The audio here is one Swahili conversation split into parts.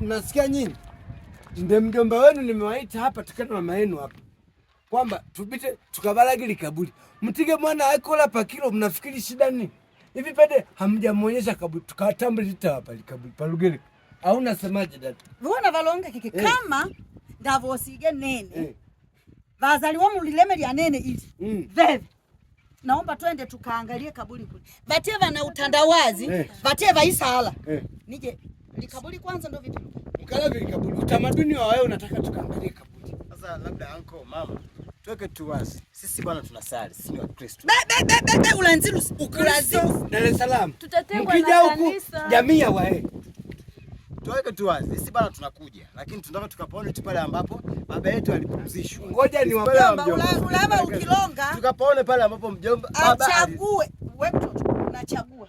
mnasikia nyinyi, ndio mjomba wenu nimewaita hapa, tukana mama yenu hapa kwamba tupite tukabalagili kaburi, mtige mwana akola pa kilo, mnafikiri shida ni? Hivi pede hamjamuonyesha kaburi, tukatambulita hapa likaburi palugeli au nasemaje? Dada vona valonga kike eh, kama ndavosige nene Eh. vazaliwa mulileme lya nene ili mm. veve naomba twende tukaangalie kaburi kule. Batie vana utandawazi eh, batie vaisala Eh. nije ni kaburi kwanza ndio vipi? Mkala vile Utamaduni wa wewe unataka tukaangalie kaburi. Sasa labda uncle mama tuweke tu wazi. Sisi bwana tunasali, sisi ni Wakristo. Be be be be ulanziru ukulazimu. Dar es Salaam. Tutatengwa na kanisa. Jamii ya wae. Tuweke tu wazi. Sisi bwana tunakuja, lakini tunataka tukapaone tu pale ambapo baba yetu alipumzishwa. Ngoja ni wapele mjomba. Ulama ukilonga. Tukapaone pale ambapo mjomba baba achague. Wewe mtoto unachagua.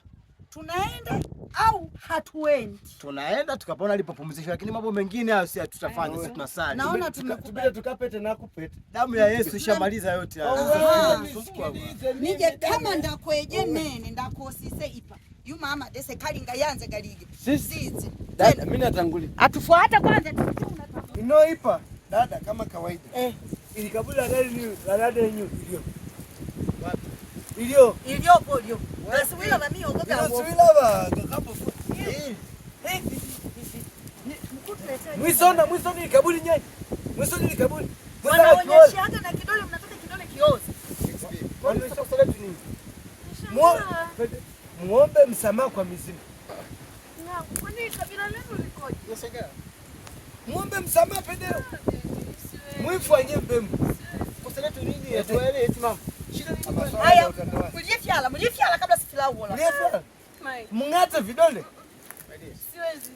Tunaenda au hatuendi, tunaenda tukapona alipopumzishwa, lakini mambo mengine hayo si tutafanya sisi, tunasali. Naona tumekubali tukapete na kupete. Damu ya Yesu ishamaliza yote hayo. Nije kama ndakweje nene ndakosise ipa Yu mama dese kalinga yanze galige sisi dada, mimi natangulia atufuata kwanza ino ipa dada kama kawaida eh, ili kabula gari ni la dada yenyewe ndio wapi ilio ilio polio basi wila mami ogoka hapo wila ba kakapo Mwisona, mwisona ni kaburi nyai. Mwisona ni kaburi. Wanaonyesha hata na kidole mnataka kidole kioze. Kwa nini sasa salatu Muombe msamaha kwa mizimu. Muombe msamaha pendeo. Mwifu mbemu. Kwa salatu nini ya tuwele eti mama? Haya, mlifyala, mlifyala kabla sifilau Siwezi.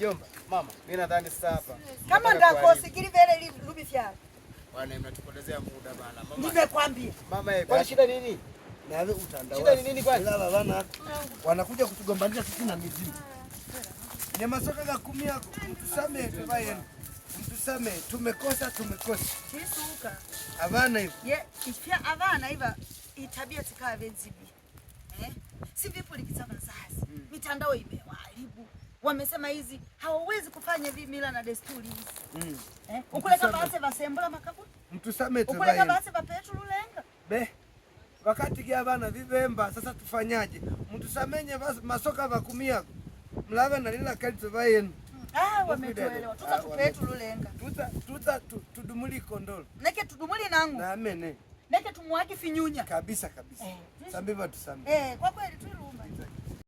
Jomba, mama, mimi nadhani sasa hapa. Kama ndakosikili vile rubi fya. Bwana mnatupotezea muda bana mama. Nimekwambia. Mama yeye. Eh, kwa shida nini? Na wewe utandao. Shida ni nini kwani? Lala bana. Wanakuja kutugombanisha sisi na mizimu. Ah, ni masoka za kumia tusamee tubaye. Tusame, tumekosa tumekosa. Kisuka. Avana hivi. Ye, ifya avana hivi itabia tikawa venzibi si vipo likiza mazazi mm. Mitandao imewaharibu, wamesema hizi hawawezi kufanya hivi mila na desturi hizi mm. eh? ukuleka base basembula mtu same tu ukule ukuleka base bapetu lulenga be wakati gya bana vivemba sasa tufanyaje? mtusamenye masoka vakumiako mlava na nalila kalito vayenu Ah, wametuelewa. Tuta ah, tupetu lulenga. Tuta tuta tudumuli kondolo. Neke tudumuli nangu. Na amene lete tumwaki finyunya kabisa kabisa. Eh, sambiva tusambiva eh, kwa kweli tu Ruma